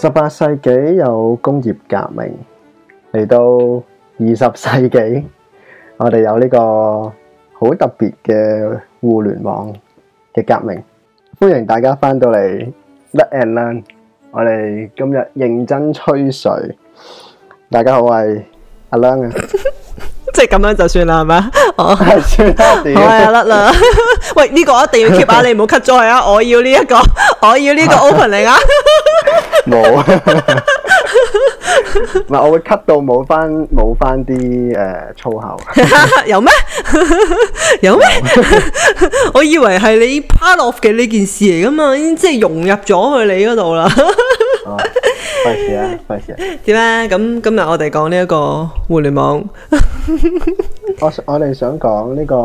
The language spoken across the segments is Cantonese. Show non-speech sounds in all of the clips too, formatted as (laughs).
十八世紀有工業革命，嚟到二十世紀，我哋有呢個好特別嘅互聯網嘅革命。歡迎大家返到嚟 Nut n Leung，我哋今日認真吹水。大家好，我係阿 Leung 啊。咁樣就算啦，係咪？我係啊，係啊，甩啦！喂，呢、呢個一定要 keep 啊， (laughs) 你唔好 cut 咗佢啊！我要呢、呢、一個，我要呢個 opening 啊！冇，唔係我會 cut 到冇返冇返啲誒粗口。呃、有咩？有咩？我以為係你 part of 嘅呢件事嚟噶嘛，已經即係融入咗去你嗰度啦。 (laughs) oh. 費事啦，費事。點咧？咁今日我哋講呢一個互聯網，我我哋想講呢個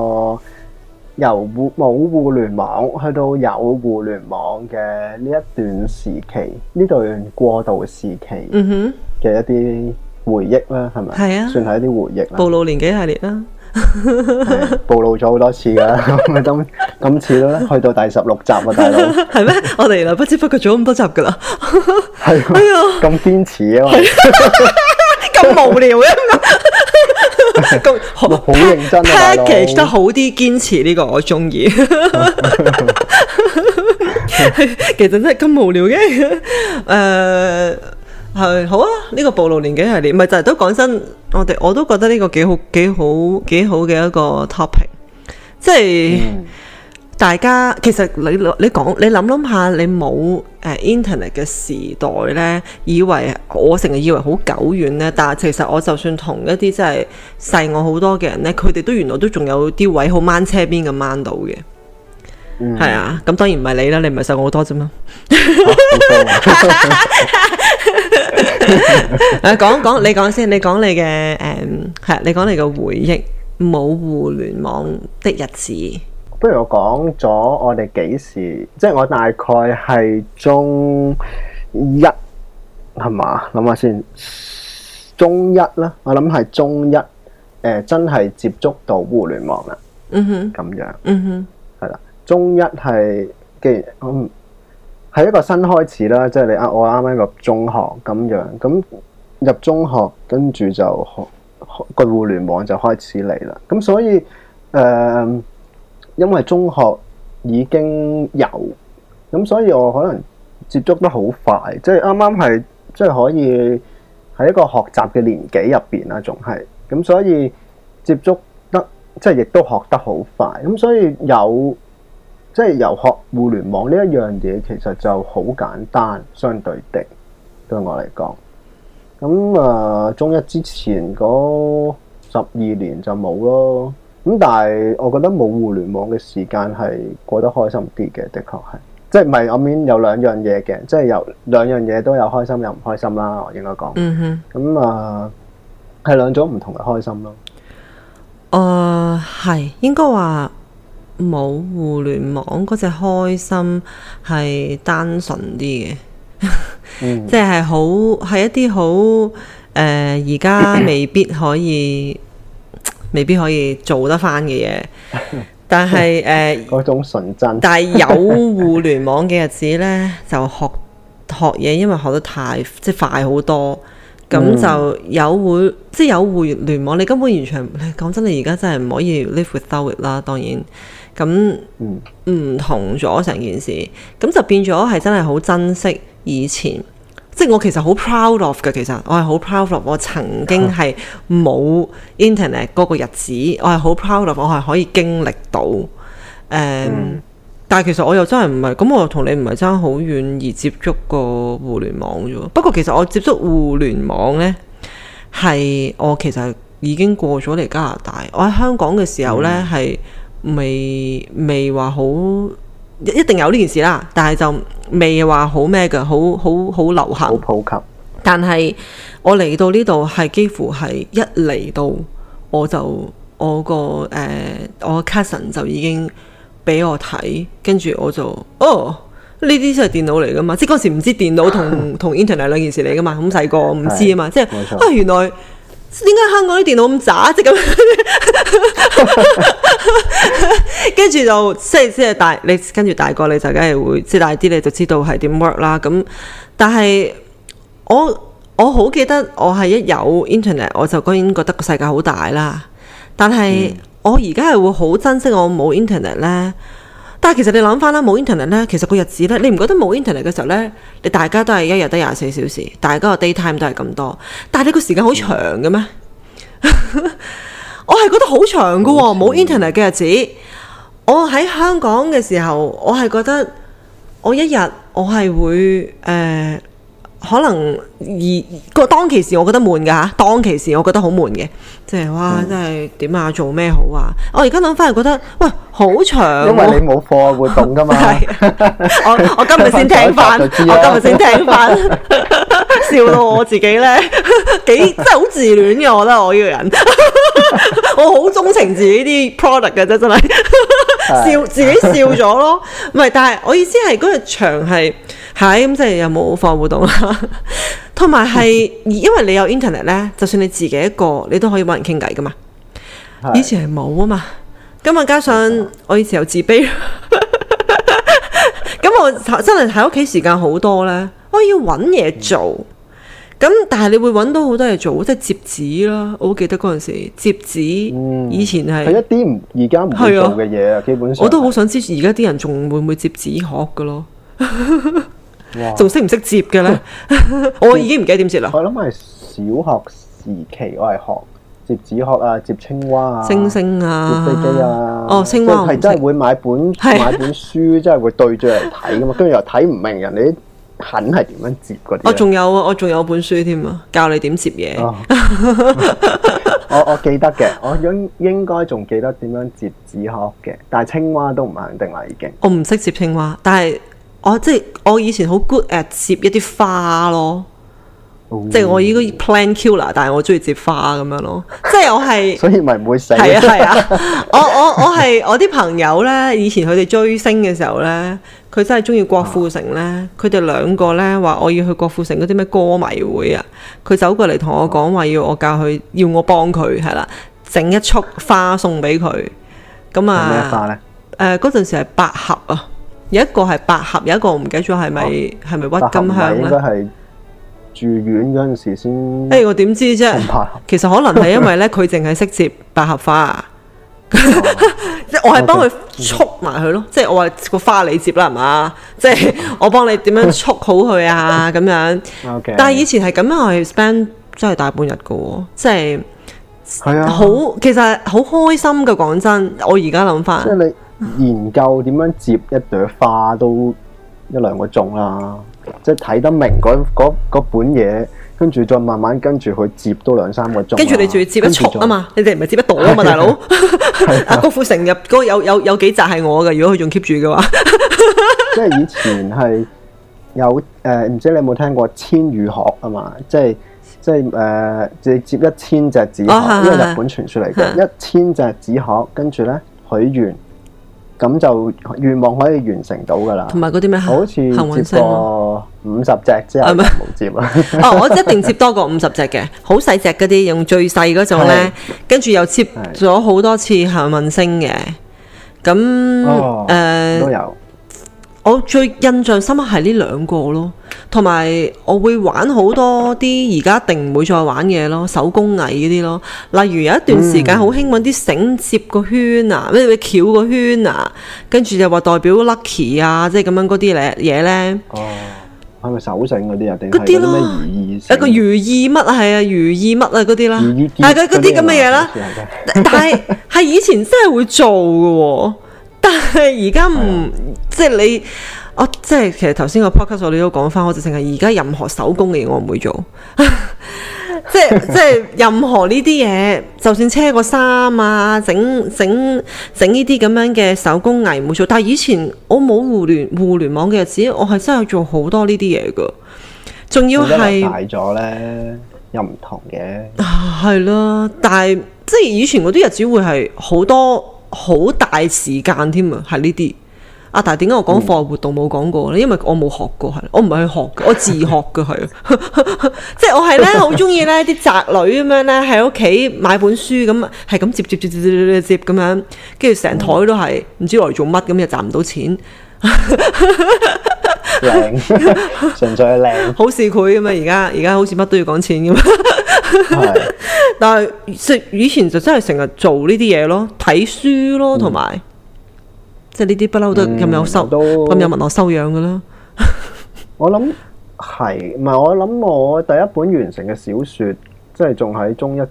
由冇互聯網去到有互聯網嘅呢一段時期，呢段過渡時期，嗯哼，嘅一啲回憶啦，係咪？係啊，算係一啲回憶啦。暴露年紀系列啦。 (laughs) 暴露咗好多次噶，咁咁次都咧，去到第十六集 (laughs) 嗎 (laughs) (laughs) 啊，大佬係咩？我哋原來不知不覺做咁多集噶啦，係啊，咁堅持啊嘛，咁無聊嘅，咁好認真啊，大佬，其實好啲堅持呢、這個我中意， (laughs) (laughs) 其實真係咁無聊嘅、啊，誒、 (laughs) uh,。係好啊！呢、呢個暴露年紀系列，唔係就係都講真，我哋我都覺得呢個幾好、幾好、幾好嘅一個 topic。即係、嗯、大家其實你你講你諗諗下，你冇誒、uh, Internet 嘅時代呢，以為我成日以為好久遠呢。但係其實我就算同一啲真係細我好多嘅人呢，佢哋都原來都仲有啲位好掹車邊咁掹到嘅。嗯，係啊，咁當然唔係你啦，你唔係細我多、啊、好多啫、啊、嘛。 (laughs) 誒，講講 (laughs) 你講先，你講你嘅誒，係、嗯、你講你嘅回憶冇互聯網的日子。不如我講咗，我哋幾時？即係我大概係中一係嘛？諗下先，中一啦。我諗係中一，誒、呃，真係接觸到互聯網啦。嗯哼、mm，咁、hmm. 樣。嗯哼、mm，係、hmm. 啦。中一係既然，嗯。係一個新開始啦，即係你呃我啱啱入中學咁樣，咁入中學跟住就個互聯網就開始嚟啦。咁所以誒、呃，因為中學已經有，咁所以我可能接觸得好快，即係啱啱係即係可以喺一個學習嘅年紀入邊啦，仲係咁，所以接觸得即係亦都學得好快，咁所以有。即係由學互聯網呢一樣嘢，其實就好簡單，相對的對我嚟講，咁啊、呃、中一之前嗰十二年就冇咯。咁但係我覺得冇互聯網嘅時間係過得開心啲嘅，的確係，即係唔係？我 I 面 mean，有兩樣嘢嘅，即、就、係、是、有兩樣嘢都有開心有唔開心啦，我應該講。嗯哼。咁啊，係、呃、兩種唔同嘅開心咯。誒、呃，係應該話。冇互聯網嗰隻、那個、開心係單純啲嘅。 (laughs) 即係好係一啲好誒，而、呃、家未必可以未必可以做得返嘅嘢。 (laughs) 但係誒嗰種純純真，但係有互聯網嘅日子呢， (laughs) 就學學嘢，因為學得太即係快好多，咁就有會 (laughs) 即係有互聯網，你根本完全講 (laughs) 真，你而家真係唔可以 live without it 啦。當然。咁唔同咗成件事，咁就變咗係真係好珍惜以前，即係我其實好 proud of 嘅。其實我係好 proud of 我曾經係冇 internet 嗰個日子，我係好 proud of 我係可以經歷到。誒、嗯，嗯、但係其實我又真係唔係，咁我又同你唔係爭好遠而接觸過互聯網啫喎。不過其實我接觸互聯網呢，係我其實已經過咗嚟加拿大。我喺香港嘅時候呢，係。未未話好一定有呢件事啦，但係就未話好咩嘅，好好好流行。好普及。但係我嚟到呢度係幾乎係一嚟到我就我個誒、uh, 我個 cousin 就已經俾我睇，跟住我就哦呢啲即係電腦嚟噶嘛， (laughs) 即係嗰時唔知電腦同同 internet 兩件事嚟噶嘛，咁細個唔知啊嘛，即係啊原來。點解香港啲電腦咁渣啫？ (laughs) (laughs) (laughs) 咁，跟住就即即係大你跟住大個你就梗係會即大啲你就知道係點 work 啦。咁但係我我好記得我係一有 internet 我就當然覺得個世界好大啦。但係我而家係會好珍惜我冇 internet 呢。但係其實你諗翻啦，冇 internet 咧，其實個日子咧，你唔覺得冇 internet 嘅時候咧，你大家都係一日得廿四小時，大家個 day time 都係咁多，但係你個時間好長嘅咩？ (laughs) 我係覺得好長噶，冇 internet 嘅日子，我喺香港嘅時候，我係覺得我一日我係會誒。呃可能而個當其時，我覺得悶嘅嚇。當其時，我覺得好悶嘅，即係哇，真係點啊，做咩好啊？我而家諗翻係覺得，喂，好長喔。因為你冇課外活動噶嘛。係。我我今日先聽翻，我今日先聽翻，笑到我自己咧，幾真係好自戀嘅。我覺得我呢個人， (laughs) 我好鍾情自己啲 product 嘅啫，真係笑自己笑咗咯。唔係，但係我意思係嗰日場係。係咁即係又冇課外活動啦，同埋係， (music) 因為你有 internet 咧，就算你自己一個，你都可以揾人傾偈噶嘛。是的 以前係冇啊嘛，咁日加上我以前有自卑，咁 (laughs) (laughs) 我真係喺屋企時間好多咧，我要揾嘢做。咁、嗯、但係你會揾到好多嘢做，即係折紙啦。我好記得嗰陣時折紙，紙以前係係、嗯、一啲唔而家唔係做嘅嘢啊，的基本上我都好想知，而家啲人仲會唔會折紙學噶咯？ (laughs) 仲識唔識折嘅咧？ (laughs) 我已經唔記得點折啦。我諗係小學時期我學，我係學折紙鶴啊、折青蛙啊、星星啊、折飛機啊。哦，青蛙。即係真係會買本 (laughs) 買本書，真係會對住嚟睇噶嘛？跟住又睇唔明人哋啲痕係點樣折嗰啲、哦。我仲有啊！我仲有本書添啊，教你點折嘢。 (laughs) (laughs) 我我記得嘅，我應應該仲記得點樣折紙鶴嘅，但係青蛙都唔肯定啦，已經。我唔識折青蛙，但係。我即係我以前好 good at 接一啲花咯，oh. 即係我依個 plan killer，但係我中意接花咁樣咯，即係我係 (laughs) 所以咪唔會死係啊係啊！啊 (laughs) 我我我係我啲朋友咧，以前佢哋追星嘅時候咧，佢真係中意郭富城咧，佢哋兩個咧話我要去郭富城嗰啲咩歌迷會啊，佢走過嚟同我講話、啊、要我教佢，要我幫佢係啦，整、啊、一束花送俾佢。咁啊，咩花咧？誒，嗰陣時係百合啊。呃有一個係百合，有一個唔記得咗係咪係咪鬱金香咧？應該係住院嗰陣時先。誒、哎，我點知啫？其實可能係因為咧、 (laughs) 啊，佢淨係識接百合花，即、就、係、是、我係幫佢束埋佢咯。即係我話個花你接啦，係 (laughs) 嘛？即係我幫你點樣束好佢啊？咁樣。 (laughs) Okay. 但係以前係咁樣，我係 spend 真係大半日噶，即係係啊，好，其實好開心嘅，講真，我而家諗翻。即係你。研究點樣接一朵花都一兩個鐘啦，即係睇得明嗰本嘢，跟住再慢慢跟住去接多兩三個鐘。跟住你仲要接一束啊嘛，你哋唔係接得到啊嘛，大佬。阿郭富城入嗰有有幾集係我嘅，如果佢仲 keep 住嘅話。即係以前係有誒，唔知你有冇聽過千羽鶴啊嘛？即係即係誒，你接一千隻紙鶴，呢個日本傳說嚟嘅，一千隻紙鶴跟住呢，許願。咁就願望可以完成到㗎喇，同埋嗰啲咩？好似幸運星，五十隻之後冇接啦。哦，我一定接多過五十隻嘅，好細隻嗰啲，用最細嗰種咧，跟住的又接咗好多次幸運星嘅。咁，誒都、哦呃、有。我最印象深刻係呢兩個咯，同埋我會玩好多啲而家一定唔會再玩嘢咯，手工藝嗰啲咯。例如有一段時間好興揾啲繩接個圈啊，咩咩翹個圈啊，跟住就話代表 lucky 啊，即係咁樣嗰啲咧嘢咧。哦，係咪手繩嗰啲啊？定係咩如意？一個如意乜啊？係啊，如意乜啊？嗰啲啦。係嗰嗰啲咁嘅嘢啦。但係是係 (laughs) 以前真係會做嘅喎。但係而家唔即係你，我即係其實頭先個 Podcast 我都講翻，我就淨係而家任何手工嘅嘢，我唔會做， (laughs) 即係即係任何呢啲嘢， (laughs) 就算車個衫啊，整整整呢啲咁樣嘅手工藝唔會做。但係以前我冇互聯互聯網嘅日子，我係真係做好多呢啲嘢噶，仲要係大咗咧又唔同嘅，係啦、啊，但係即係以前嗰啲日子會係好多。好大時間添啊，係呢啲啊。但係點解我講課外活動冇講過咧？因為我冇學過，係我唔係去學，我自學嘅係， (laughs) 即係我係咧好中意咧啲宅女咁樣咧喺屋企買本書咁，係咁接接接接接接接咁樣，跟住成台都係唔知攞嚟做乜，咁又賺唔到錢。 (laughs) 靚，純 (laughs) 粹靚的， (laughs) 好似佢咁嘛。而家而家好似乜都要講錢咁嘛， (laughs) (laughs) 但係食以前就真係成日做呢啲嘢咯，睇書咯，同埋、嗯、即係呢啲不嬲都咁有收，咁有文學修養噶啦。我諗係，唔係 (laughs) 我諗我，我第一本完成嘅小說，即係仲喺中一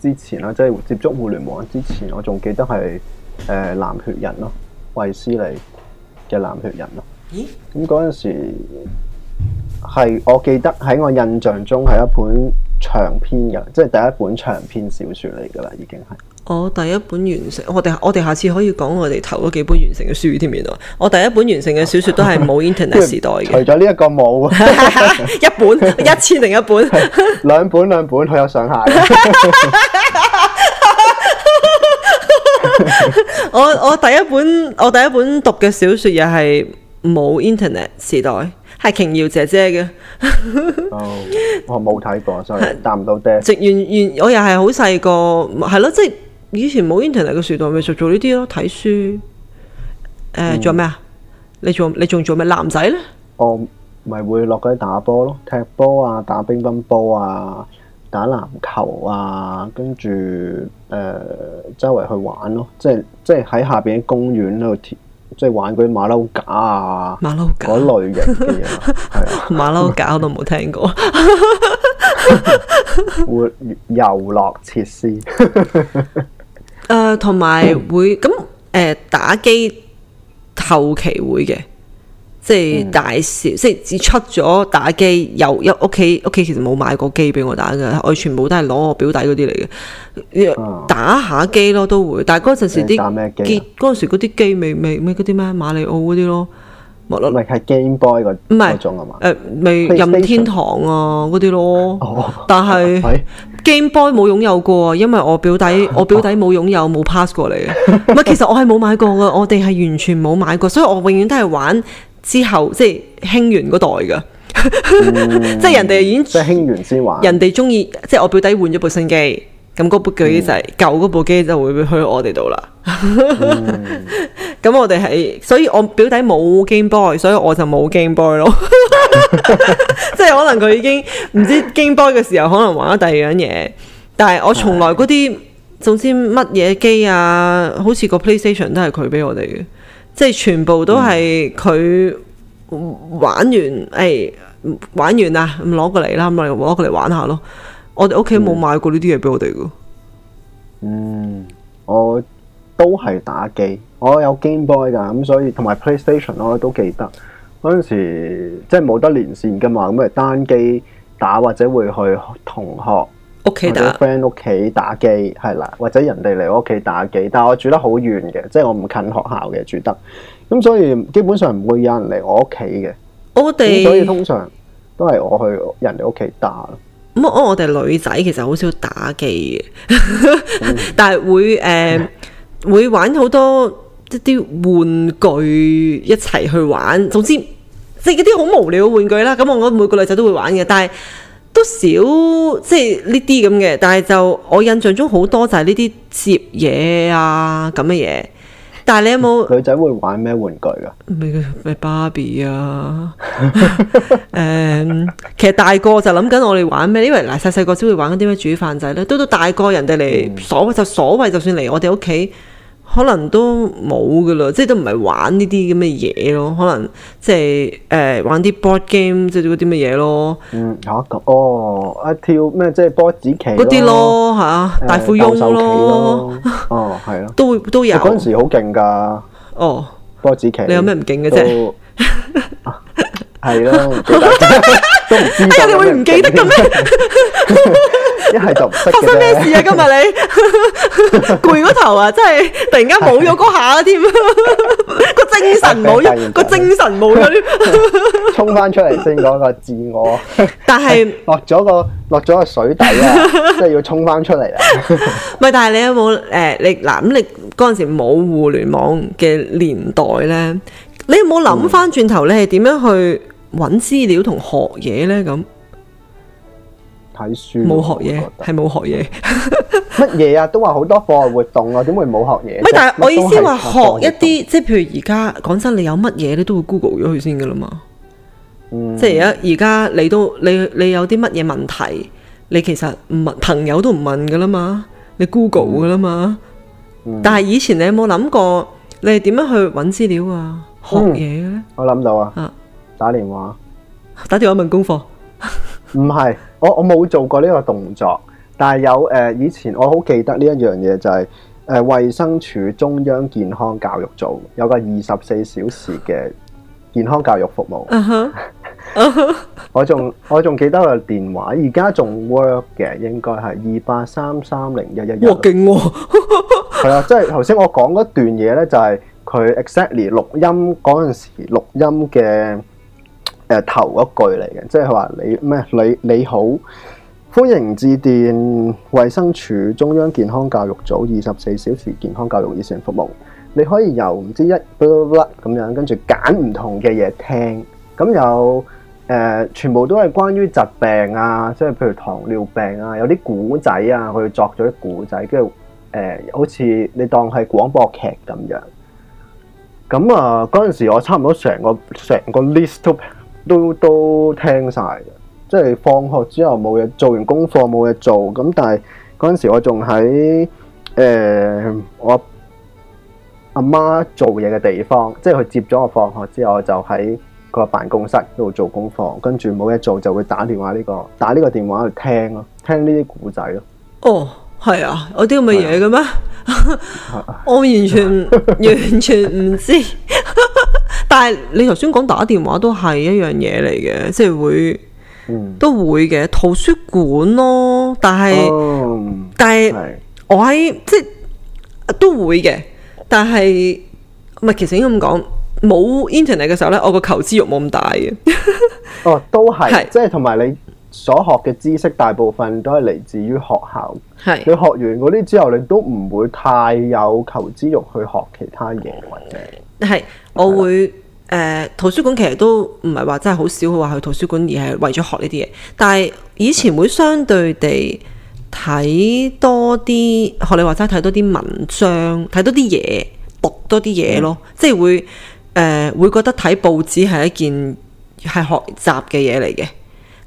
之前啦，即係接觸互聯網之前，我仲記得係誒藍血人咯，衛斯理嘅藍血人咯。咁嗰陣時係，我記得喺我印象中係一本長篇嘅，即係第一本長篇小說嚟噶啦，已經係。我第一本完成，我哋我哋下次可以講我哋頭嗰幾本完成嘅書添，原來我第一本完成嘅小說都係冇 Internet 時代嘅。 (laughs) 除咗呢一個冇， (laughs) (laughs) 一本一千零一本，兩 (laughs) (laughs) 本兩本好有上下。 (laughs) (laughs) 我我第一本我第一本讀嘅小說又係。冇 internet 時代，係瓊瑤姐姐嘅 (laughs) 哦，我冇睇過，所以答唔到爹。 (laughs) 直完完，我又係好細個，係咯，即係以前冇 internet 嘅時代，咪就做呢啲咯，睇書。誒、呃，仲仲咩啊？你仲你仲做咩？男仔咧，我咪會落去打波咯，踢波啊，打乒乓波啊，打籃球啊，跟住誒周圍去玩咯，即係即係喺下邊公園度。即係玩嗰啲馬騮架啊，馬騮架，嗰類型嘅嘢，係 (laughs) 啊， (laughs) 馬騮架我都冇聽過。 (laughs) (laughs) 活遊樂設施，誒、 (laughs) 呃，同埋會咁誒、嗯、呃、打機，後期會嘅。即係大笑，嗯、即係只出咗打機。又屋企，屋企其實冇買過機俾我打嘅，我全部都係攞我表弟嗰啲嚟嘅。啊、打下機咯，都會。但係嗰陣時啲機，嗰陣時嗰啲機未未咩嗰啲咩馬里奧嗰啲咯，咪係 Game Boy 嗰種啊嘛？誒，咪任天堂啊嗰啲咯。但係 Game Boy 冇擁有過啊，因為我表弟、啊、我表弟冇擁有冇、啊、pass 過嚟嘅。 (laughs) 其實我係冇買過噶，我哋係完全冇買過，所以我永遠都係玩。之後即係興完嗰代噶，即係、嗯、 (laughs) 人哋已經即係興完先玩。人哋中意即係我表弟換咗部新機，咁嗰、嗯、部機就係舊嗰部機就會去我哋度啦。咁、嗯、 (laughs) 我哋係，所以我表弟冇 Game Boy，所以我就冇 Game Boy 咯。 (laughs) (laughs) (laughs) 即係可能佢已經唔知 Game Boy 嘅時候，可能玩咗第二樣嘢。但係我從來嗰啲，唉總之乜嘢機啊，好似個 PlayStation 都係佢俾我哋嘅。即係全部都係佢玩完，誒、嗯哎、玩完啊，咁攞過嚟啦，咁嚟攞過嚟玩下咯。我哋屋企冇買過呢啲嘢俾我哋噶。嗯，我都係打機，我有 Game Boy 噶，咁所以同埋 PlayStation 我都記得嗰陣時，即係冇得連線噶嘛，咁咪單機打或者會去同學屋企打，或者 friend 屋企打機係啦，或者人哋嚟我屋企打機，但係我住得好遠嘅，即係我唔近學校嘅住得，咁所以基本上唔會有人嚟我屋企嘅。我哋們所以通常都係我去人哋屋企打。咁我哋女仔其實好少打機嘅，嗯、 (laughs) 但係會誒、呃、會玩好多一啲玩具一齊去玩，總之即係、就是、一啲好無聊嘅玩具啦。咁我覺得每個女仔都會玩嘅，但係。都少即係呢啲咁嘅，但係就我印象中好多就係呢啲接嘢啊咁嘅嘢。但係你有冇女仔會玩咩玩具噶？咩咩芭比啊？誒、 (laughs) (laughs) 嗯，其實大個就諗緊我哋玩咩，因為嗱細細個先會玩啲咩煮飯仔咧。都到大個人哋嚟，所謂就所謂就，就算嚟我哋屋企。可能都冇噶啦，即係都唔係玩呢啲咁嘅嘢咯。可能即係誒、欸、玩啲 board game，即係嗰啲嘅嘢咯。嗯，哦，阿、啊、跳咩即係波子棋嗰啲咯，吓、啊、大富翁咯。咯哦，係咯，都都有。嗰陣、啊、時好勁噶。哦，波子棋。你有咩唔勁嘅啫？都 (laughs) 係咯，都唔記得。哎呀，你會唔記得嘅咩？一係就唔識。發生咩事啊？今日你攰過頭啊！真係突然間冇咗嗰下添，個精神冇咗，個精神冇咗。衝翻出嚟先講個自我。但係落咗個落咗個水底啊，即係要衝翻出嚟啊！咪但係你有冇誒？你嗱咁，你嗰陣時冇互聯網嘅年代咧，你有冇諗翻轉頭咧？你係點樣去？搵資料同學嘢咧，咁睇書冇學嘢，係冇學嘢乜嘢啊？都話好多課外活動啊，點會冇學嘢？唔係，但係我意思話學一啲，一一即係譬如而家講真，你有乜嘢咧，你都會 Google 咗佢先噶啦嘛。嗯、即係而家而家你都你你有啲乜嘢問題，你其實唔問朋友都唔問噶啦嘛，你 Google 噶啦嘛。嗯嗯、但係以前你有冇諗過，你係點樣去搵資料啊、學嘢嘅咧？我諗到啊。打電話，打電話問功課唔係我我冇做過呢個動作，但係有誒，以前我好記得呢一樣嘢就係誒衛生署中央健康教育組有個二十四小時嘅健康教育服務。嗯哼，我仲我仲記得個電話，而家仲 work 嘅，應該係二八三三零一一一。哇，勁係啦，即係頭先我講嗰段嘢咧，就係佢 exactly 錄音嗰陣時錄音嘅。誒、呃，頭嗰句嚟嘅，即係話你咩？你你好，歡迎致電衛生署中央健康教育組二十四小時健康教育熱線服務。你可以由唔知一卜卜卜咁樣，跟住揀唔同嘅嘢聽。咁有誒、呃，全部都係關於疾病啊，即係譬如糖尿病啊，有啲古仔啊，佢作咗啲古仔，跟住誒，好似你當係廣播劇咁樣。咁啊，嗰陣時我差唔多成個成個 list 都。都都聽晒，嘅，即係放學之後冇嘢，做完功課冇嘢做，咁但係嗰陣時我仲喺誒我阿媽做嘢嘅地方，即係佢接咗我放學之後我就喺個辦公室度做功課，跟住冇嘢做就會打電話呢、呢個打呢個電話去聽咯、啊，聽呢啲故仔咯、啊。哦。Oh. 係啊，我啲咁嘅嘢嘅咩？ (laughs) 我完全完全唔知。 (laughs) 但係你頭先講打電話都係一樣嘢嚟嘅，即係會都會嘅圖書館咯。但係但係我喺即都會嘅，但係唔係，其實應該咁講，冇 internet 嘅時候咧，我個求知欲冇咁大嘅。 (laughs) 哦，都係是即係同埋你。所學嘅知識大部分都係嚟自於學校。係是，你學完嗰啲之後，你都唔會太有求知欲去學其他嘢。係、嗯，我會誒、呃、圖書館其實都唔係話真係好少去話去圖書館，而係為咗學呢啲嘢。但係以前會相對地睇多啲，學是你話齋睇多啲文章，睇多啲嘢，讀多啲嘢咯。嗯、即係會誒、呃、會覺得睇報紙係一件係學習嘅嘢嚟嘅。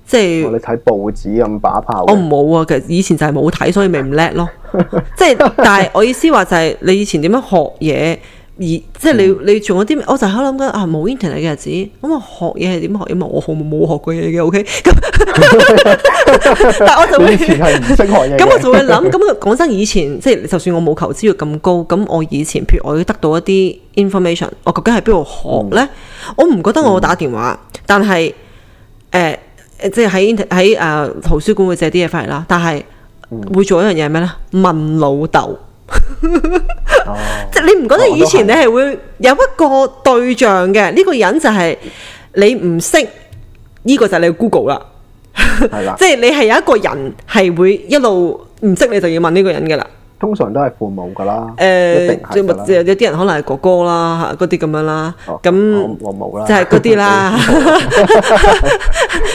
即係、哦、你睇報紙咁把炮，我冇啊。其實以前就係冇睇，所以咪唔叻咯。 (laughs) 即係，但係我意思話就係、是、你以前點樣學嘢？而即係你你做嗰啲，我就喺度諗緊啊冇 internet 嘅日子，咁我學嘢係點學？因為我冇冇學過嘢嘅，OK。 (laughs) 但我就會 (laughs) 你以前係唔識學嘢。咁我就會諗咁講真，以前即係就算我冇求知欲咁高，咁我以前譬如我要得到一啲 information，我究竟喺邊度學咧？嗯、我唔覺得我打電話，但係誒。呃即係喺喺誒圖書館會借啲嘢翻嚟啦，但係會做一樣嘢係咩咧？問老豆，即 (laughs) 係、哦、 (laughs) 你唔覺得以前你係會有一個對象嘅？呢、哦、個人就係你唔識呢、這個就係你 Google 啦，即 (laughs) 係的 (laughs) 你係有一個人係會一路唔識你就要問呢個人噶啦。通常都係父母噶啦，誒，即係有啲人可能係哥哥啦，吓嗰啲咁樣啦，咁我冇啦，即係嗰啲啦，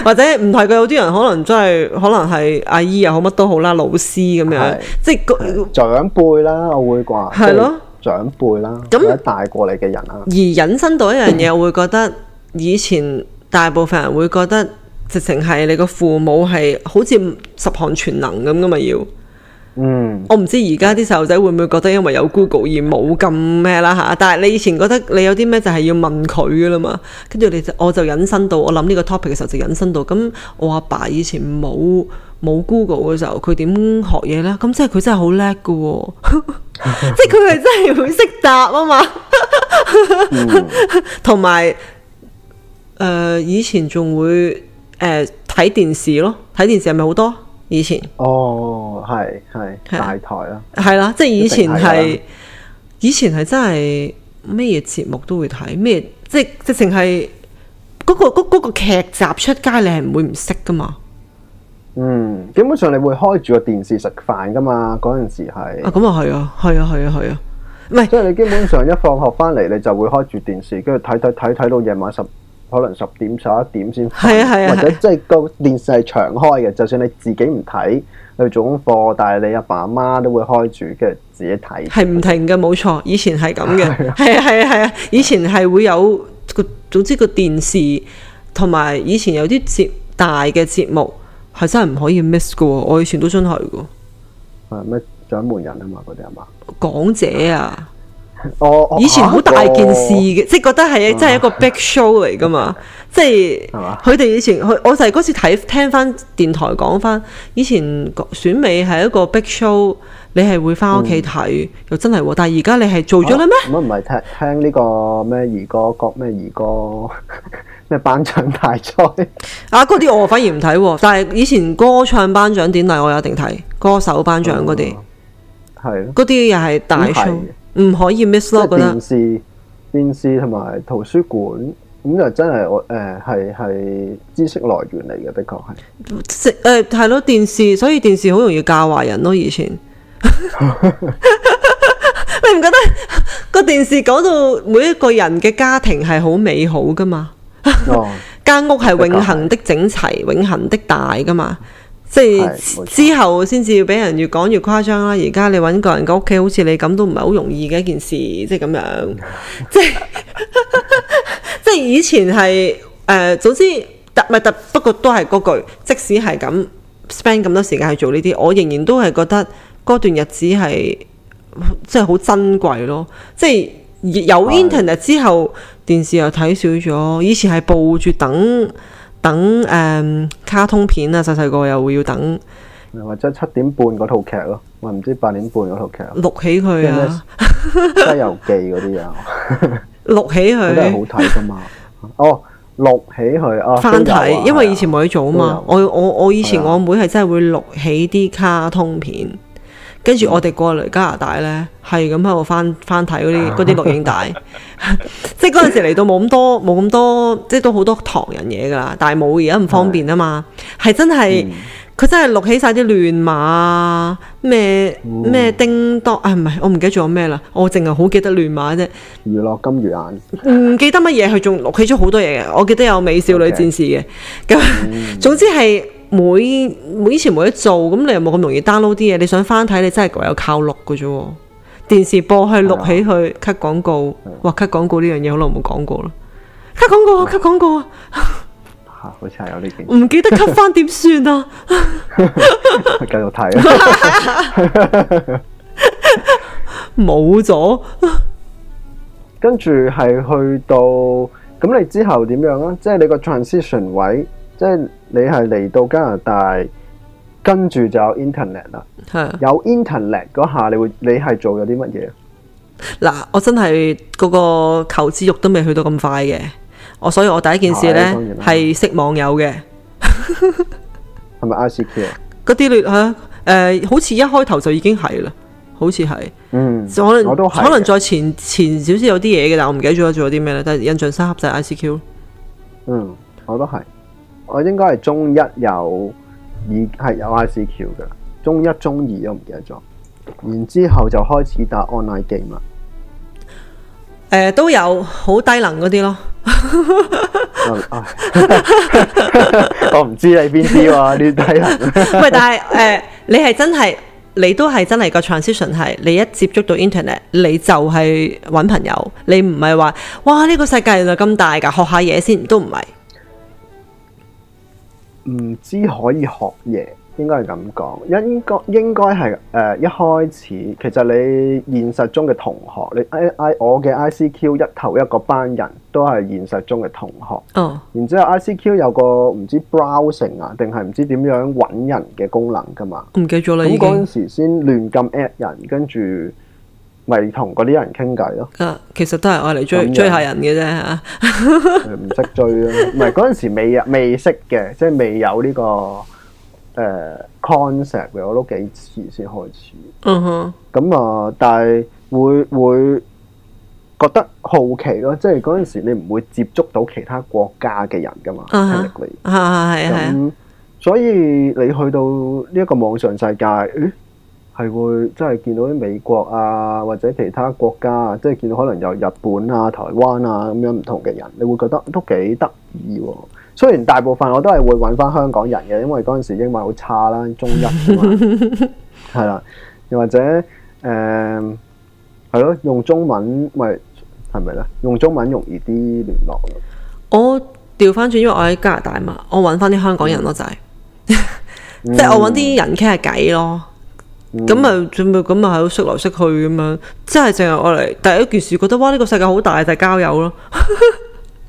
或者唔係嘅，有啲人可能真係可能係阿姨又好乜都好啦，老師咁樣，即係長輩啦，我會啩。係咯，長輩啦，咁大過你嘅人啊，而引申到一樣嘢，我會覺得以前大部分人會覺得，直情係你個父母係好似十項全能咁噶嘛要。嗯，我唔知而家啲細路仔會唔會覺得因為有 Google 而冇咁咩啦吓，但係你以前覺得你有啲咩就係要問佢噶啦嘛，跟住你就我就引申到我諗呢個 topic 嘅時候就引申到，咁我阿爸，爸以前冇冇 Google 嘅時候佢點學嘢呢？咁即係佢真係好叻噶喎，即係佢係真係會識答啊嘛，同埋誒以前仲會誒睇、呃、電視咯，睇電視係咪好多？以前哦，係係、啊、大台咯，係啦、啊啊，即係以前係，以前係真係咩嘢節目都會睇，咩即係直情係嗰個嗰、嗰個嗰個劇集出街，你係唔會唔識噶嘛？嗯，基本上你會開住個電視食飯噶嘛？嗰陣時係啊，咁啊係啊，係啊係啊係啊，唔係即係你基本上一放學翻嚟，你就會開住電視，跟住睇睇睇睇到夜晚十。可能十點、十一點先瞓，啊啊、或者即係個電視係長開嘅。就算你自己唔睇，去做功課，但係你阿爸阿媽都會開住，跟住自己睇。係唔停嘅，冇錯。以前係咁嘅，係啊，係啊，係啊。啊 (laughs) 以前係會有個，總之個電視同埋以前有啲節大嘅節目係真係唔可以 miss 嘅喎。我以前都想去嘅。係咩？掌門人啊嘛，嗰啲係嘛？港姐啊！我、哦哦、以前好大件事嘅，啊、即係覺得係真係一個 big show 嚟噶嘛，啊、即係佢哋以前，佢我就係嗰次睇聽翻電台講翻，以前選美係一個 big show，你係會翻屋企睇，嗯、又真係，但係而家你係做咗啦咩？咁啊唔係睇聽呢個咩兒歌國咩兒歌咩頒獎大賽啊，嗰啲、 (laughs) 啊、我反而唔睇，但係以前歌唱頒獎典禮我一定睇，歌手頒獎嗰啲係，嗰啲又係大 show。唔可以 miss 咯，即係電視、電視同埋圖書館咁就真係我誒係係知識來源嚟嘅，的確係。誒係咯，電視所以電視好容易教壞人咯，以前 (laughs) (laughs) 你唔覺得個電視講到每一個人嘅家庭係好美好噶 (laughs) 嘛？哦，間屋係永恆的整齊、永恆的大噶嘛？即係之後先至要俾人越講越誇張啦！而家你搵個人個屋企好似你咁都唔係好容易嘅一件事，即係咁樣，即係即係以前係誒，總之特唔特，不過都係嗰句，即使係咁，spend 咁多時間去做呢啲，我仍然都係覺得嗰段日子係即係好珍貴咯。即係有 Internet 之後，的電視又睇少咗，以前係抱住等。等誒、um, 卡通片啊！細細個又會要等，或者七點半嗰套劇咯，我唔知八點半嗰套劇，套劇錄起佢啊， (laughs) 《西遊記》嗰啲啊，錄起佢， (laughs) 好睇噶嘛！ (laughs) 哦，錄起佢啊，翻睇題，啊、因為以前冇得做啊嘛，有我我我以前我妹係真係會錄起啲卡通片。跟住我哋過嚟加拿大咧，係咁喺度翻翻睇嗰啲嗰啲錄影帶，即係嗰陣時嚟到冇咁多冇咁多，即係都好多唐人嘢噶啦。但係冇而家唔方便啊嘛，係真係佢真係錄起晒啲亂馬咩咩叮噹啊，唔係我唔記得仲有咩啦，我淨係好記得亂馬啫。娛樂金魚眼唔記得乜嘢，佢仲錄起咗好多嘢嘅。我記得有美少女戰士嘅咁，總之係。每以前每前冇得做，咁你又冇咁容易 download 啲嘢。你想翻睇，你真係唯有靠錄嘅啫。電視播去錄起去 cut 廣的告，的哇 cut 廣告呢樣嘢好耐冇講過啦。cut 廣告，cut 廣告，吓好似係有呢件事。唔記得 cut 翻點算啊？繼續睇，冇咗。跟住係去到咁，你之後點樣啊？即係你個 transition 位。即係你係嚟到加拿大，跟住就有 internet 啦。係的有 internet 嗰下你，你會你係做咗啲乜嘢？嗱，我真係嗰個求知欲都未去到咁快嘅。我所以，我第一件事咧係、哎、識網友嘅，係咪 I C Q 啊？嗰啲你吓誒，好似一開頭就已經係啦，好似係嗯，可能我都可能在前前少少有啲嘢嘅，但我唔記得咗做咗啲咩咧，但係印象深刻就係 I C Q。嗯，我都係。我應該係中一有二係有 I C Q 嘅，中一中二都唔記得咗。然之後就開始打 online game 啦。誒、呃、都有好低能嗰啲咯。 (laughs) 啊哎、 (laughs) 我唔知你邊啲喎啲低能。 (laughs) 喂，但係誒、呃，你係真係你都係真係個 transition 係你一接觸到 internet 你就係揾朋友，你唔係話哇呢、這個世界原來咁大㗎，學下嘢先都唔係。唔知可以學嘢，應該係咁講，應該應該係誒、呃、一開始，其實你現實中嘅同學，你 I I 我嘅 ICQ 一頭一個班人都係現實中嘅同學，哦，然之後 ICQ 有個唔知 browsing 啊定係唔知點樣揾人嘅功能噶嘛，唔記咗啦，咁嗰陣時先亂咁 at 人，跟住。咪同嗰啲人傾偈咯。其實都係我嚟追是追下人嘅啫、啊。唔識追咯，唔係嗰陣時未未識嘅，即係未有呢、這個誒、uh, concept 嘅，我都幾遲先開始。咁啊、uh huh.，但係會會覺得好奇咯、啊，即係嗰陣時你唔會接觸到其他國家嘅人噶嘛。係啊、uh，係、huh. 所以你去到呢一個網上世界，嗯。係會，即係見到啲美國啊，或者其他國家啊，即係見到可能有日本啊、台灣啊咁樣唔同嘅人，你會覺得都幾得意。雖然大部分我都係會揾翻香港人嘅，因為嗰陣時英文好差啦，中一嘛，係啦， (laughs) 又或者誒，係、嗯、咯，用中文咪係咪咧？用中文容易啲聯絡。我調翻轉，因為我喺加拿大嘛，我揾翻啲香港人咯，就係、嗯、 (laughs) 即係我揾啲人傾下偈咯。咁啊，準備咁啊，喺度識來識去咁樣，即係淨係我嚟，第一件事，覺得哇呢、這個世界好大，就係交友咯。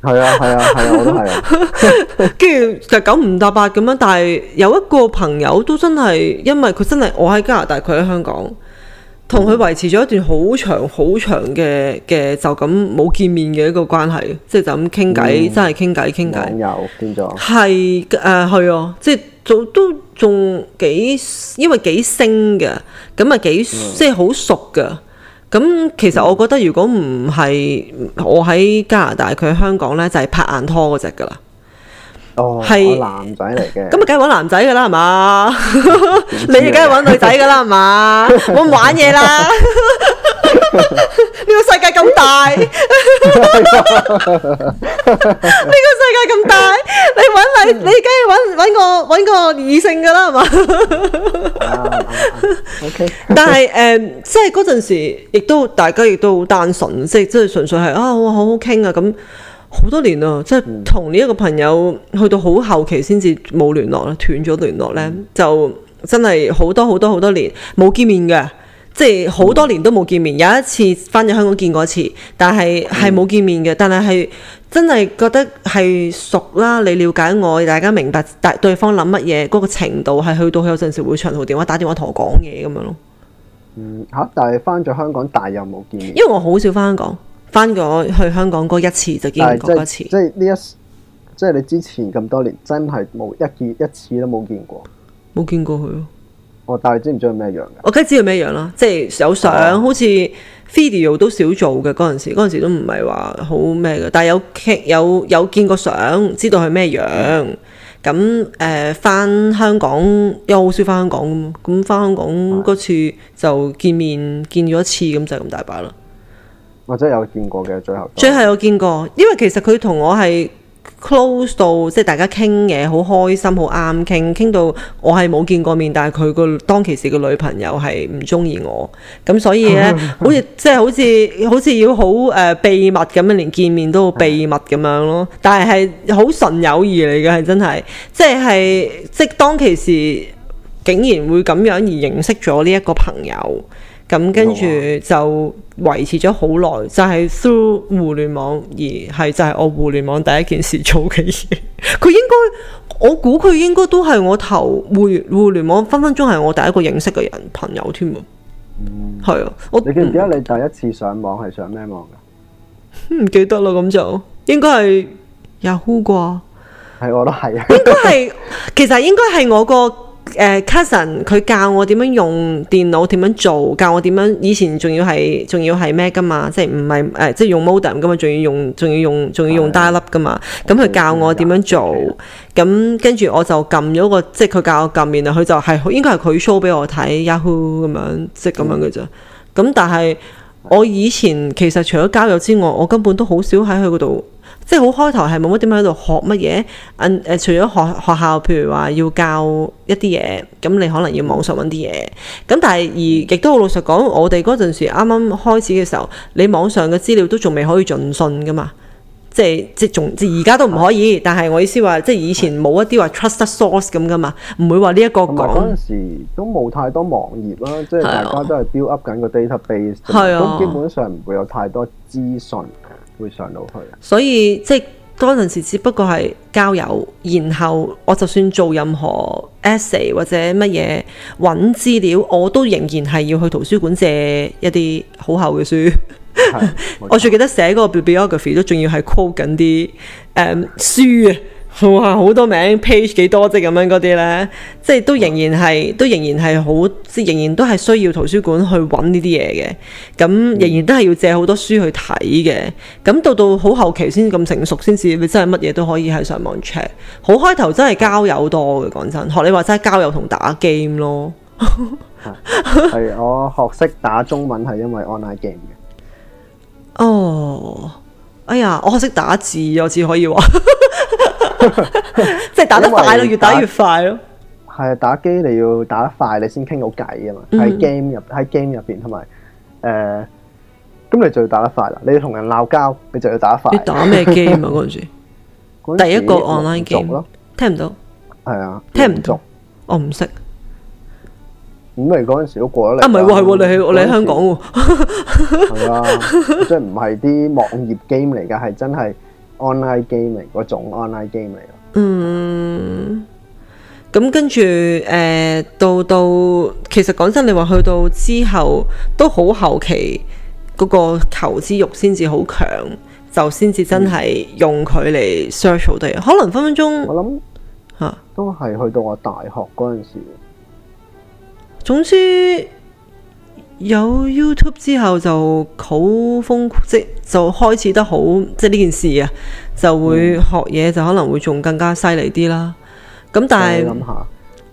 係啊，係啊，係啊 (laughs) ，係 (noise) 啊。跟住就九唔搭八咁樣，但係有一個朋友都真係，因為佢真係我喺加拿大，佢喺香港，同佢維持咗一段好長好長嘅嘅，就咁冇見面嘅一個關係，即係就咁傾偈，真係傾偈傾偈。網友變咗。係誒，係、呃、哦，即係。 (music) 嗯即做都仲幾，因為幾升嘅，咁啊幾即係好熟嘅。咁其實我覺得如果唔係我喺加拿大，佢喺香港呢就係、是、拍硬拖嗰隻㗎喇。哦，係男仔嚟嘅，咁啊，梗係揾男仔噶啦，係嘛？你梗係揾女仔噶啦，係嘛？我唔玩嘢啦，呢個世界咁大，呢咯、呢個世界咁大，你揾你，你梗係揾揾個揾個異性噶啦，係嘛？O K，但係誒、嗯，即係嗰陣時，亦都大家亦都好單純，即係即係純粹係啊，好好傾啊，咁。好多年啦，即係同呢一個朋友去到好後期先至冇聯絡啦，斷咗聯絡咧，嗯、就真係好多好多好多年冇見面嘅，即係好多年都冇見面。有一次翻咗香港見過一次，但係係冇見面嘅，嗯、但係係真係覺得係熟啦，你了解我，大家明白但對方諗乜嘢嗰個程度，係去到有陣時會長途電話打電話同我講嘢咁樣咯。嗯，但係翻咗香港，但又冇見面，因為我好少翻香港。翻咗去香港嗰一次就見、見過一次，即係呢一即係你之前咁多年真係冇一見一次都冇見過，冇見過佢咯。哦，但係你知唔知佢咩樣嘅？我梗係知佢咩樣啦，即係有相，啊、好似 video 都少做嘅嗰陣時，嗰陣時都唔係話好咩嘅，但係有有有見過相，知道係咩樣。咁誒翻香港又好少翻香港咁，咁翻香港嗰次就見面的見咗一次，咁就咁大把啦。或者有見過嘅最後，最後有見過，因為其實佢同我係 close 到，即係大家傾嘢，好開心，好啱傾，傾到我係冇見過面，但係佢個當其時嘅女朋友係唔中意我，咁所以咧， (laughs) 好似即係好似好似要好誒、呃、秘密咁樣，連見面都好秘密咁樣咯。 (laughs) 但係係好純友誼嚟嘅，係真係，即係即係當其時竟然會咁樣而認識咗呢一個朋友。咁跟住就維持咗好耐，就係、是、through 互聯網而係就係我互聯網第一件事做嘅嘢。佢應該，我估佢應該都係我頭互互聯網分分鐘係我第一個認識嘅人朋友添啊！係、嗯、啊，我記得而家你第一次上網係上咩網噶？唔、嗯、記得啦，咁就應該係 Yahoo 啩，係我都係，應該係、ah，其實應該係我個。誒、呃、Cousin 佢教我點樣用電腦點樣做，教我點樣。以前仲要係仲要係咩噶嘛？即係唔係誒？即係用 m o d e m 噶嘛？仲要用仲要用仲要用 die 粒噶嘛？咁佢教我點樣做。咁跟住我就撳咗個，對即係佢教我撳，然後佢就係、是、應該係佢 show 俾我睇 Yahoo 咁樣，即係咁樣嘅啫。咁對但係我以前其實除咗交友之外，我根本都好少喺佢嗰度。即係好開頭係冇乜點喺度學乜嘢，誒、嗯、誒、呃，除咗學學校，譬如話要教一啲嘢，咁你可能要網上揾啲嘢。咁但係而亦都好老實講，我哋嗰陣時啱啱開始嘅時候，你網上嘅資料都仲未可以盡信噶嘛，即係即係仲而家都唔可以。的但係我意思話，即係以前冇一啲話 trust source 咁噶嘛，唔會話呢一個講。嗱嗰陣時都冇太多網頁啦，的即係大家都係 build up 緊個 database，係啊的，基本上唔會有太多資訊。的會上到去，所以即係嗰陣時，只不過係交友，然後我就算做任何 essay 或者乜嘢揾資料，我都仍然係要去圖書館借一啲好厚嘅書。 (laughs) (laughs) 我最記得寫嗰個 bibliography 都仲要係 quote 緊啲誒書啊。 (laughs) 哇！好多名 page 幾多隻咁樣嗰啲呢？即係都仍然係，都仍然係好，即係仍然都係需要圖書館去揾呢啲嘢嘅。咁仍然都係要借好多書去睇嘅。咁到到好後期先咁成熟，先至真係乜嘢都可以喺上網 check。好開頭真係交友多嘅，講真學你話齋交友同打 game 咯。係 (laughs) 我學識打中文係因為 online game 哦，oh, 哎呀，我學識打字，我只可以話。 (laughs) 即係打得快咯，越打越快咯。係啊，打機你要打得快，你先傾到偈啊嘛。喺 game 入，喺 game 入邊同埋？誒，咁你就要打得快啦。你要同人鬧交，你就要打得快。你打咩 game 啊？嗰陣時，第一個 online game，聽唔到。係啊，聽唔到。我唔識。咁你嗰陣時都過咗嚟。啊，唔係喎，係喎，你係你係香港喎。係啊，即係唔係啲網頁 game 嚟噶，係真係。online game 嚟嗰種 online game 嚟。嗯，咁跟住誒，到到其實講真，你話去到之後都好後期嗰個求知欲先至好強，就先至真係用佢嚟 search 所有嘢，可能分分鐘我諗吓都係去到我大學嗰陣時，總之。有 YouTube 之後就好豐即就開始得好，即係呢件事啊，就會學嘢就可能會仲更加犀利啲啦。咁但係諗下，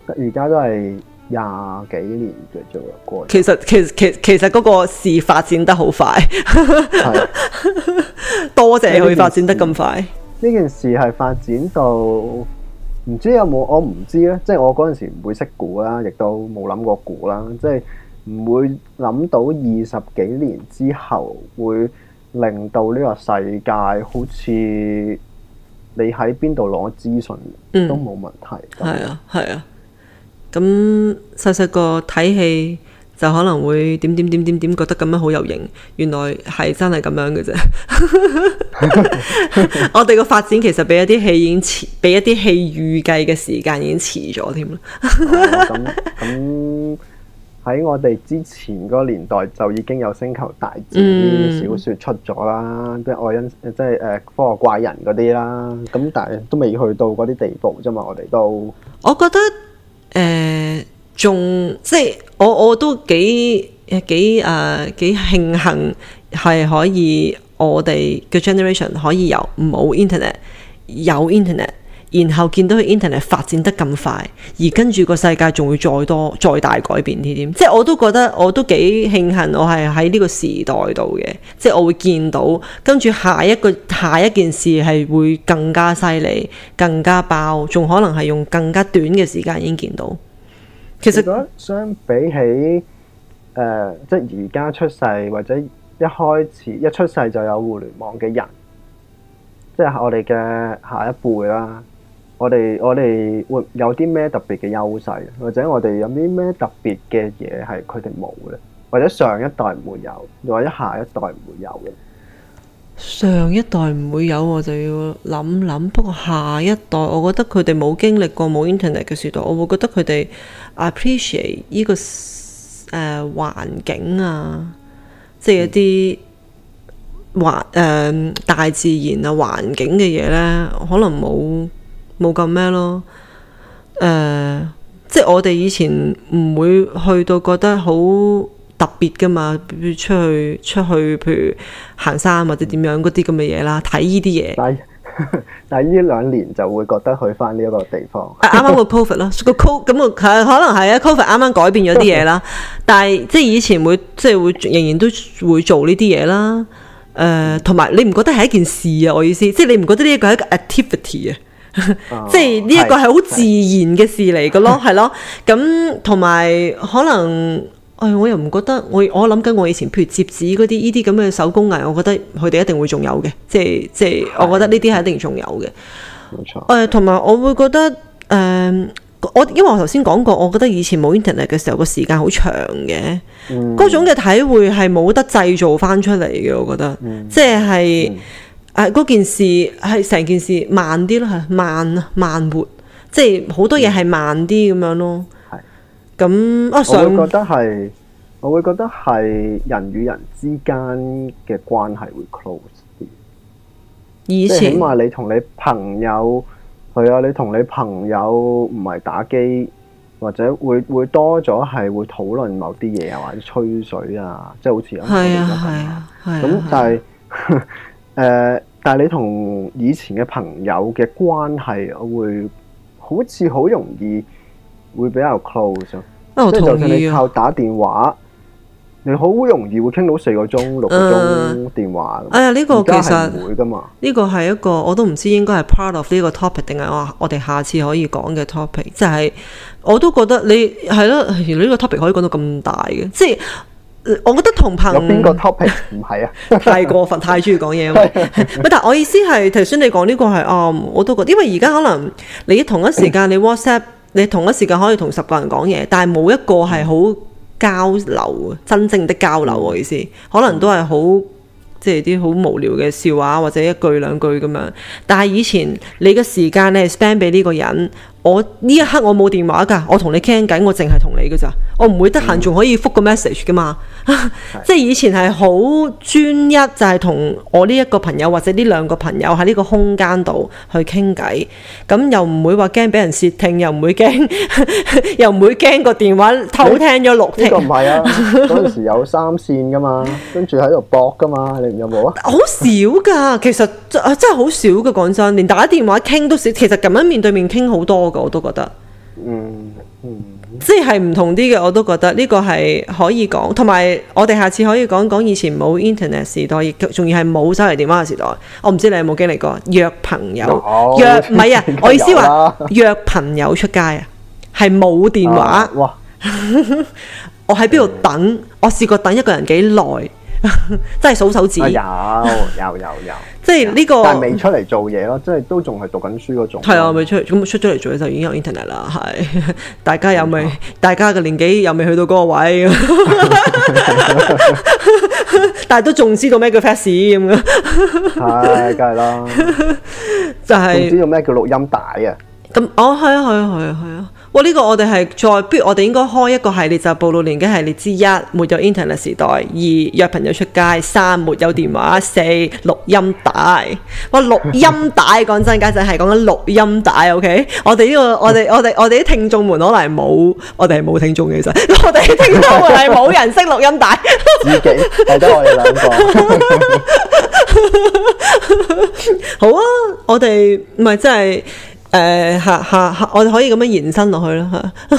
而家都係廿幾年嘅啫，過其實其實其其實嗰個事發展得好快， (laughs) 的 (laughs) 多謝佢發展得咁快。呢件事係發展到唔知有冇，就是、我唔知咧，即係我嗰陣時唔會識估啦，亦都冇諗過估啦，即係。唔會諗到二十幾年之後，會令到呢個世界好似你喺邊度攞資訊都冇問題。係啊係啊，咁細細個睇戲就可能會點點點點點，覺得咁樣好有型，原來係真係咁樣嘅啫。我哋個發展其實比一啲戲已經遲，比一啲戲預計嘅時間已經遲咗添啦。咁 (laughs) 咁、啊。喺我哋之前嗰個年代，就已經有星球大戰小説出咗啦，嗯、即係愛因，即係誒科學怪人嗰啲啦。咁但係都未去到嗰啲地步啫嘛，我哋都我覺得誒，仲、呃、即係我我都幾誒幾誒、呃、幾慶幸係可以我哋嘅 generation 可以由冇 internet 有 internet。然後見到佢 internet 發展得咁快，而跟住個世界仲會再多再大改變啲點？即係我都覺得我都幾慶幸，我係喺呢個時代度嘅，即係我會見到跟住下一個下一件事係會更加犀利，更加爆，仲可能係用更加短嘅時間已經見到。其實覺得相比起，呃，即係而家出世或者一開始一出世就有互聯網嘅人，即係我哋嘅下一輩啦。我哋我哋會有啲咩特別嘅優勢，或者我哋有啲咩特別嘅嘢係佢哋冇咧，或者上一代唔會有，或者下一代唔會有嘅。上一代唔會有我就要諗諗，不過下一代我覺得佢哋冇經歷過冇 internet 嘅時代，我會覺得佢哋 appreciate 呢、呢個誒、呃、環境啊，即係一啲環誒、呃、大自然啊環境嘅嘢呢，可能冇。冇咁咩咯？誒、呃，即係我哋以前唔會去到覺得好特別嘅嘛，出，出去出去，譬如行山或者點樣嗰啲咁嘅嘢啦，睇依啲嘢。但係呢係兩年就會覺得去返呢一個地方。啱啱個 covid 咯，個 covid 咁啊，剛剛 (laughs) 可能係啊 covid 啱啱改變咗啲嘢啦。 (laughs) 但係即係以前會即係會仍然都會做呢啲嘢啦。誒、呃，同埋你唔覺得係一件事啊？我意思即係你唔覺得呢一個係一個 activity 啊？ (laughs) 即係呢一個係好自然嘅事嚟嘅咯，係咯。 (laughs) 咁同埋可能，誒、哎，我又唔覺得我我諗緊我以前，譬如折紙嗰啲呢啲咁嘅手工藝，我覺得佢哋一定會仲有嘅。即係即係，我覺得呢啲係一定仲有嘅。冇錯。誒，同埋我會覺得，誒、呃，我因為我頭先講過，我覺得以前冇 internet 嘅時候時間，個時間好長嘅，嗰種嘅體會係冇得製造翻出嚟嘅。我覺得，嗯、即係是。嗯嗰、啊、件事係成件事慢啲咯，慢，慢活，即係好多嘢係慢啲咁樣咯。係咁是、啊、我想，我會覺得係我會覺得係人與人之間嘅關係會 close 啲。以前起碼你同你朋友係啊，你同你朋友唔係打機，或者會會多咗係會討論某啲嘢啊，或者吹水啊，即係好似咁樣咁但係誒。但係你同以前嘅朋友嘅關係，我會好似好容易會比較 close 咯。即係你靠打電話，你好容易會傾到四個鐘、六個鐘電話。Uh, 哎呀，呢、呢個其實唔會噶嘛。呢個係一個我都唔知應該係 part of 呢個 topic 定係我我哋下次可以講嘅 topic，就是。即係我都覺得你係咯，原來呢個 topic 可以講到咁大嘅，即係。我覺得同朋有個 topic 唔係啊？太過分，太中意講嘢。唔係，但我意思係，頭先你講呢個係啱，我都覺。因為而家可能你同一時間你 WhatsApp，你同一時間可以同十個人講嘢，但係冇一個係好交流，嗯、真正的交流。我意思可能都係好即係啲好無聊嘅笑話或者一句兩句咁樣。但係以前你嘅時間咧 spend 俾呢個人，我呢一刻我冇電話噶，我同你傾緊，我淨係同你噶咋，我唔會得閒仲可以覆個 message 噶嘛。 (laughs) 即係以前係好專一，就係、是、同我呢一個朋友或者呢兩個朋友喺呢個空間度去傾偈，咁又唔會話驚俾人竊聽，又唔會驚， (laughs) 又唔會驚個電話偷聽咗六聽。唔係、欸這個、啊，嗰陣 (laughs) 時有三線噶嘛，跟住喺度搏噶嘛，你有冇啊？好 (laughs) (laughs) 少噶，其實真真係好少噶，講真，連打電話傾都少，其實咁樣面對面傾好多噶，我都覺得。嗯嗯。嗯即係唔同啲嘅，我都覺得呢、這個係可以講，同埋我哋下次可以講講以前冇 internet 時代，亦仲要係冇手提電話嘅時代。我唔知你有冇經歷過約朋友 no，約唔係啊？我意思話約朋友出街啊，係冇電話。Uh, 哇 (laughs) 我喺邊度等？Uh，我試過等一個人幾耐。即係數手指、啊，有有有有，有 (laughs) 即係呢、這個，但係未出嚟做嘢咯，即係都仲係讀緊書嗰種。係啊，未出嚟咁出咗嚟做嘢就已經有 internet 啦，係大家又未，大家嘅、嗯啊、年紀又未去到嗰個位，但係都仲知道咩叫 fla (laughs) sh 咁嘅，係梗係啦，就係仲知道咩叫錄音帶 (laughs) 啊？咁哦，係啊，係啊，係啊，係啊。哇！呢、這個我哋係再，不如我哋應該開一個系列，就係、暴露年紀系列之一。沒有 internet 時代，二約朋友出街，三沒有電話，四錄音帶。哇！錄音帶，講真，家陣係講緊錄音帶。OK，我哋呢、這個我哋我哋我哋啲聽眾們可能係冇，我哋係冇聽眾嘅，其 (laughs) 實我哋聽眾係冇人識錄音帶。自己係得我哋兩個。好啊，我哋唔係真係。誒，下下我哋可以咁樣延伸落去啦，吓。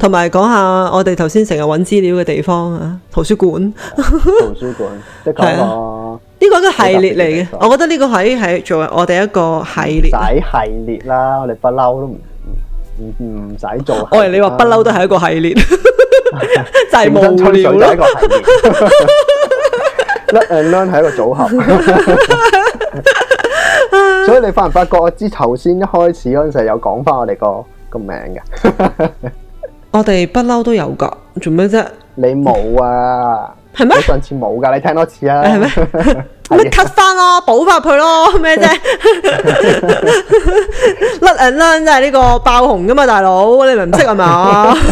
同埋講下我哋頭先成日搵資料嘅地方啊，圖書館。Yeah, 圖書館，呢個呢 Yeah. 個系列嚟嘅，我覺得呢個喺喺作為我哋一個系列。唔使系列啦，我哋不嬲都唔唔唔使做。我哋你話不嬲都係一個系列， (laughs) 就係冇聊。認真吹水係一個系列。 (laughs) (laughs) (laughs) Let and learn 係一個組合。 (laughs) 所以你有有發唔發覺？我知頭先一開始嗰陣時候有講翻我哋個個名嘅， (laughs) 我哋不嬲都有噶，做咩啫？你冇啊？係咩嗎？上次冇噶，你聽多次啊？係咩嗎？咁咪 cut 翻咯，補發佢咯，咩啫？Nut N Leung，真係就係呢個爆紅噶嘛，大佬，你唔識係嘛？ (laughs) (laughs)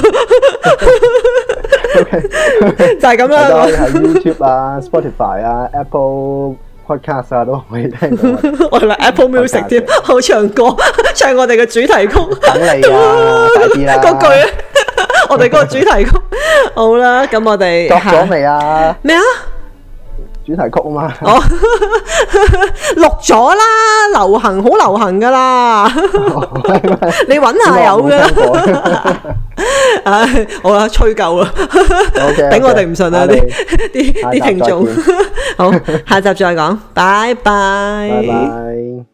Okay . (laughs) 就係咁樣。係 (laughs) (laughs) YouTube 啊，Spotify 啊，Apple。開卡、啊、都可以啦， (laughs) 我嚟 Apple Music 添，Podcast 好唱歌， (laughs) 唱我哋嘅主題曲，等你啊，嗰句， (laughs) 我哋嗰個主題曲，好啦，咁我哋講未啊？咩啊？主題曲啊嘛，錄咗啦，流行好流行噶啦，你搵下有㗎，唉，好啦，吹夠啦，頂我哋唔順啦，啲啲啲聽眾，好，下集再講，拜拜。